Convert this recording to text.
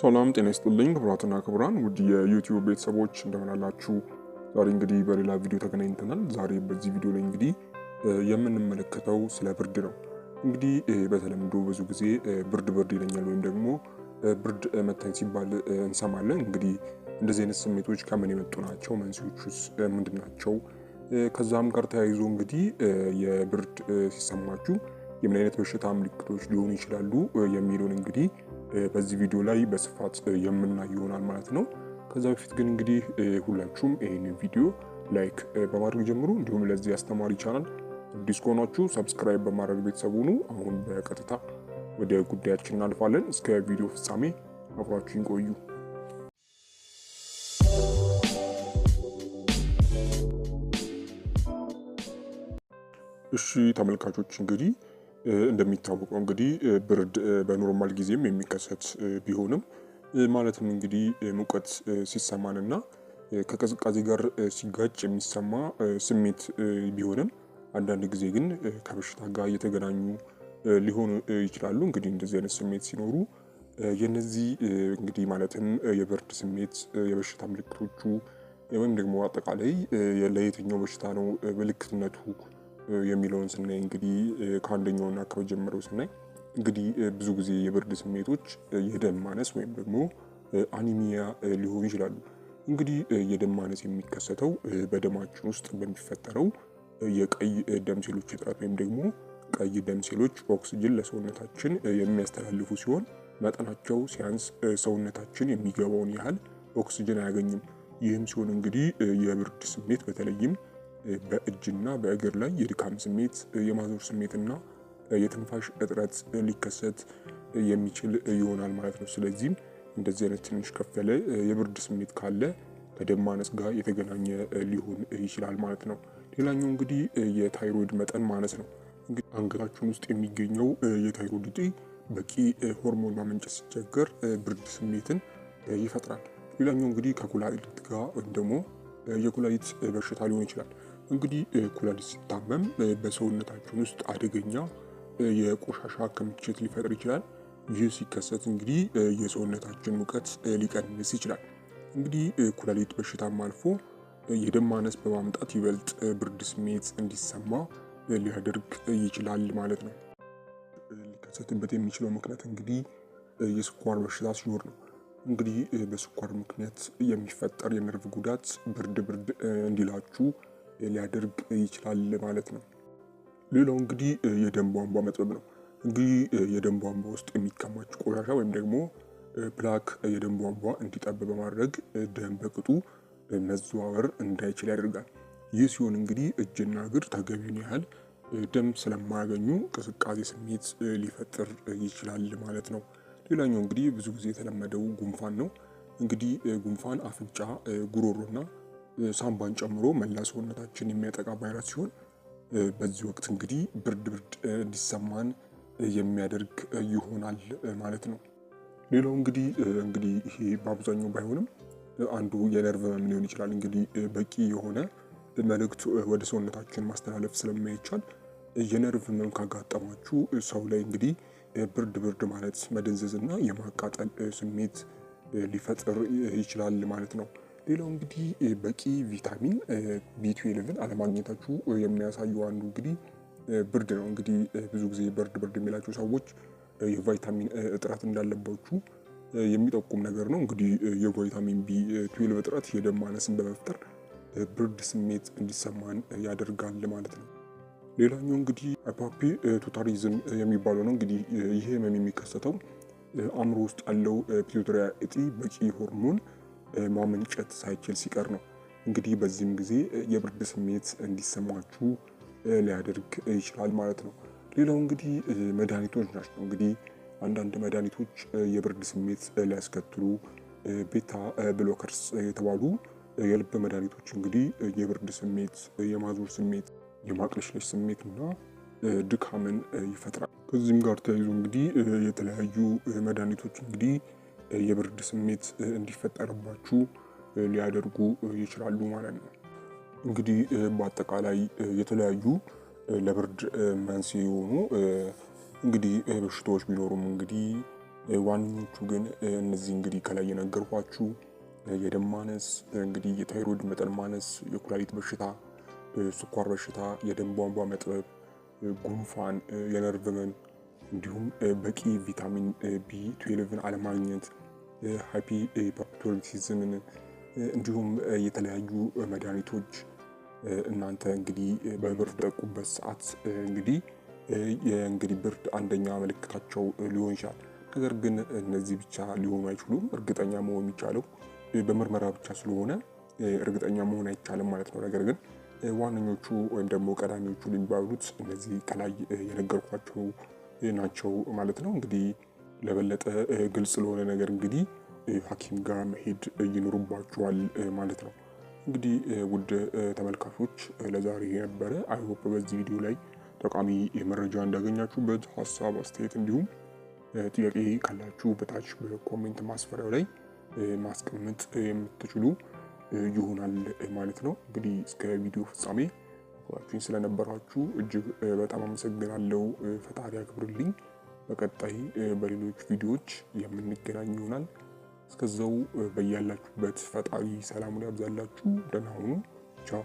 ሰላም ጤና ይስጥልኝ ክቡራትና ክቡራን ውድ የዩቲዩብ ቤተሰቦች እንደምናላችሁ። ዛሬ እንግዲህ በሌላ ቪዲዮ ተገናኝተናል። ዛሬ በዚህ ቪዲዮ ላይ እንግዲህ የምንመለከተው ስለ ብርድ ነው። እንግዲህ በተለምዶ ብዙ ጊዜ ብርድ ብርድ ይለኛል ወይም ደግሞ ብርድ መታኝ ሲባል እንሰማለን። እንግዲህ እንደዚህ አይነት ስሜቶች ከምን የመጡ ናቸው? መንስኤዎቹስ ምንድን ናቸው? ከዛም ጋር ተያይዞ እንግዲህ የብርድ ሲሰማችሁ የምን አይነት በሽታ ምልክቶች ሊሆኑ ይችላሉ የሚለውን እንግዲህ በዚህ ቪዲዮ ላይ በስፋት የምናይ ይሆናል ማለት ነው። ከዛ በፊት ግን እንግዲህ ሁላችሁም ይህንን ቪዲዮ ላይክ በማድረግ ጀምሩ። እንዲሁም ለዚህ አስተማሪ ቻናል አዲስ ከሆናችሁ ሰብስክራይብ በማድረግ ቤተሰብ ሁኑ። አሁን በቀጥታ ወደ ጉዳያችን እናልፋለን። እስከ ቪዲዮ ፍጻሜ አብራችሁን ቆዩ። እሺ ተመልካቾች እንግዲህ እንደሚታወቀው እንግዲህ ብርድ በኖርማል ጊዜም የሚከሰት ቢሆንም ማለትም እንግዲህ ሙቀት ሲሰማንና ከቅዝቃዜ ጋር ሲጋጭ የሚሰማ ስሜት ቢሆንም አንዳንድ ጊዜ ግን ከበሽታ ጋር እየተገናኙ ሊሆኑ ይችላሉ። እንግዲህ እንደዚህ አይነት ስሜት ሲኖሩ የነዚህ እንግዲህ ማለትም የብርድ ስሜት የበሽታ ምልክቶቹ ወይም ደግሞ አጠቃላይ ለየትኛው በሽታ ነው ምልክትነቱ የሚለውን ስናይ እንግዲህ ከአንደኛውና ከመጀመሪያው ስናይ እንግዲህ ብዙ ጊዜ የብርድ ስሜቶች የደም ማነስ ወይም ደግሞ አኒሚያ ሊሆኑ ይችላሉ። እንግዲህ የደም ማነስ የሚከሰተው በደማችን ውስጥ በሚፈጠረው የቀይ ደም ሴሎች እጥረት ወይም ደግሞ ቀይ ደም ሴሎች ኦክስጅን ለሰውነታችን የሚያስተላልፉ ሲሆን መጠናቸው ሲያንስ ሰውነታችን የሚገባውን ያህል ኦክስጅን አያገኝም። ይህም ሲሆን እንግዲህ የብርድ ስሜት በተለይም በእጅና በእግር ላይ የድካም ስሜት፣ የማዞር ስሜትና የትንፋሽ እጥረት ሊከሰት የሚችል ይሆናል ማለት ነው። ስለዚህም እንደዚህ አይነት ትንሽ ከፍ ያለ የብርድ ስሜት ካለ ከደም ማነስ ጋር የተገናኘ ሊሆን ይችላል ማለት ነው። ሌላኛው እንግዲህ የታይሮይድ መጠን ማነስ ነው። እንግዲህ አንገታችን ውስጥ የሚገኘው የታይሮይድ እጢ በቂ ሆርሞን ማመንጨት ሲቸገር ብርድ ስሜትን ይፈጥራል። ሌላኛው እንግዲህ ከኩላሊት ጋር ወይም ደግሞ የኩላሊት በሽታ ሊሆን ይችላል። እንግዲህ ኩላሊት ሲታመም በሰውነታችን ውስጥ አደገኛ የቆሻሻ ክምችት ሊፈጥር ይችላል። ይህ ሲከሰት እንግዲህ የሰውነታችን ሙቀት ሊቀንስ ይችላል። እንግዲህ ኩላሊት በሽታም አልፎ የደም ማነስ በማምጣት ይበልጥ ብርድ ስሜት እንዲሰማ ሊያደርግ ይችላል ማለት ነው። ሊከሰትበት የሚችለው ምክንያት እንግዲህ የስኳር በሽታ ሲኖር ነው። እንግዲህ በስኳር ምክንያት የሚፈጠር የነርቭ ጉዳት ብርድ ብርድ እንዲላችሁ ሊያደርግ ይችላል ማለት ነው። ሌላው እንግዲህ የደም ቧንቧ መጥበብ ነው። እንግዲህ የደም ቧንቧ ውስጥ የሚከማች ቆሻሻ ወይም ደግሞ ፕላክ የደም ቧንቧ እንዲጠብ በማድረግ ደም በቅጡ መዘዋወር እንዳይችል ያደርጋል። ይህ ሲሆን እንግዲህ እጅና እግር ተገቢውን ያህል ደም ስለማያገኙ ቅዝቃዜ ስሜት ሊፈጥር ይችላል ማለት ነው። ሌላኛው እንግዲህ ብዙ ጊዜ የተለመደው ጉንፋን ነው። እንግዲህ ጉንፋን አፍንጫ፣ ጉሮሮና ሳምባን ጨምሮ መላ ሰውነታችን የሚያጠቃ ቫይረስ ሲሆን በዚህ ወቅት እንግዲህ ብርድ ብርድ እንዲሰማን የሚያደርግ ይሆናል ማለት ነው። ሌላው እንግዲህ እንግዲህ ይሄ በአብዛኛው ባይሆንም አንዱ የነርቭ ህመም ሊሆን ይችላል። እንግዲህ በቂ የሆነ መልእክት ወደ ሰውነታችን ማስተላለፍ ስለማይቻል የነርቭ ህመም ካጋጠማችሁ ሰው ላይ እንግዲህ ብርድ ብርድ ማለት መደንዘዝ እና የማቃጠል ስሜት ሊፈጥር ይችላል ማለት ነው። ሌላው እንግዲህ በቂ ቪታሚን ቢቱ 12 አለማግኘታችሁ የሚያሳየው አንዱ እንግዲህ ብርድ ነው። እንግዲህ ብዙ ጊዜ ብርድ ብርድ የሚላቸው ሰዎች የቫይታሚን እጥረት እንዳለባችሁ የሚጠቁም ነገር ነው። እንግዲህ የቫይታሚን ቢ ትዌልቭ እጥረት የደም ማነስን በመፍጠር ብርድ ስሜት እንዲሰማን ያደርጋል ማለት ነው። ሌላኛው እንግዲህ ፓፒ ቱታሪዝም የሚባለው ነው። እንግዲህ ይህ ህመም የሚከሰተው አእምሮ ውስጥ ያለው ፒቱተሪያ እጢ በቂ ሆርሞን ማመንጨት ሳይችል ሲቀር ነው። እንግዲህ በዚህም ጊዜ የብርድ ስሜት እንዲሰማችሁ ሊያደርግ ይችላል ማለት ነው። ሌላው እንግዲህ መድኃኒቶች ናቸው። እንግዲህ አንዳንድ መድኃኒቶች የብርድ ስሜት ሊያስከትሉ ቤታ ብሎከርስ የተባሉ የልብ መድኃኒቶች እንግዲህ የብርድ ስሜት፣ የማዞር ስሜት፣ የማቅለሽለሽ ስሜት እና ድካምን ይፈጥራል። ከዚህም ጋር ተያይዞ እንግዲህ የተለያዩ መድኃኒቶች እንግዲህ የብርድ ስሜት እንዲፈጠርባችሁ ሊያደርጉ ይችላሉ ማለት ነው። እንግዲህ በአጠቃላይ የተለያዩ ለብርድ መንስኤ የሆኑ እንግዲህ በሽታዎች ቢኖሩም እንግዲህ ዋነኞቹ ግን እነዚህ እንግዲህ ከላይ የነገርኳችሁ የደም ማነስ፣ እንግዲህ የታይሮይድ መጠን ማነስ፣ የኩላሊት በሽታ፣ ስኳር በሽታ፣ የደም ቧንቧ መጥበብ፣ ጉንፋን፣ የነርቭ ህመም እንዲሁም በቂ ቪታሚን ቢ ትዌልቭን አለማግኘት ሃፒ ፓፒቶርሚሲዝምን እንዲሁም የተለያዩ መድኃኒቶች እናንተ እንግዲህ በብርድ ጠቁበት ሰዓት እንግዲህ የእንግዲህ ብርድ አንደኛ ምልክታቸው ሊሆን ይችላል። ነገር ግን እነዚህ ብቻ ሊሆኑ አይችሉም። እርግጠኛ መሆን የሚቻለው በምርመራ ብቻ ስለሆነ እርግጠኛ መሆን አይቻልም ማለት ነው። ነገር ግን ዋነኞቹ ወይም ደግሞ ቀዳሚዎቹ የሚባሉት እነዚህ ከላይ የነገርኳቸው ናቸው ማለት ነው እንግዲህ ለበለጠ ግልጽ ለሆነ ነገር እንግዲህ ሐኪም ጋር መሄድ ይኖርባችኋል ማለት ነው። እንግዲህ ውድ ተመልካቾች ለዛሬ የነበረ አይሆፕ በዚህ ቪዲዮ ላይ ጠቃሚ መረጃ እንዳገኛችሁበት፣ ሀሳብ አስተያየት፣ እንዲሁም ጥያቄ ካላችሁ በታች በኮሜንት ማስፈሪያው ላይ ማስቀመጥ የምትችሉ ይሆናል ማለት ነው። እንግዲህ እስከ ቪዲዮ ፍጻሜ አብራችሁኝ ስለነበራችሁ እጅግ በጣም አመሰግናለሁ። ፈጣሪ አክብርልኝ። በቀጣይ በሌሎች ቪዲዮዎች የምንገናኝ ይሆናል። እስከዛው በያላችሁበት ፈጣሪ ሰላሙን ያብዛላችሁ። ደህና ሁኑ። ቻው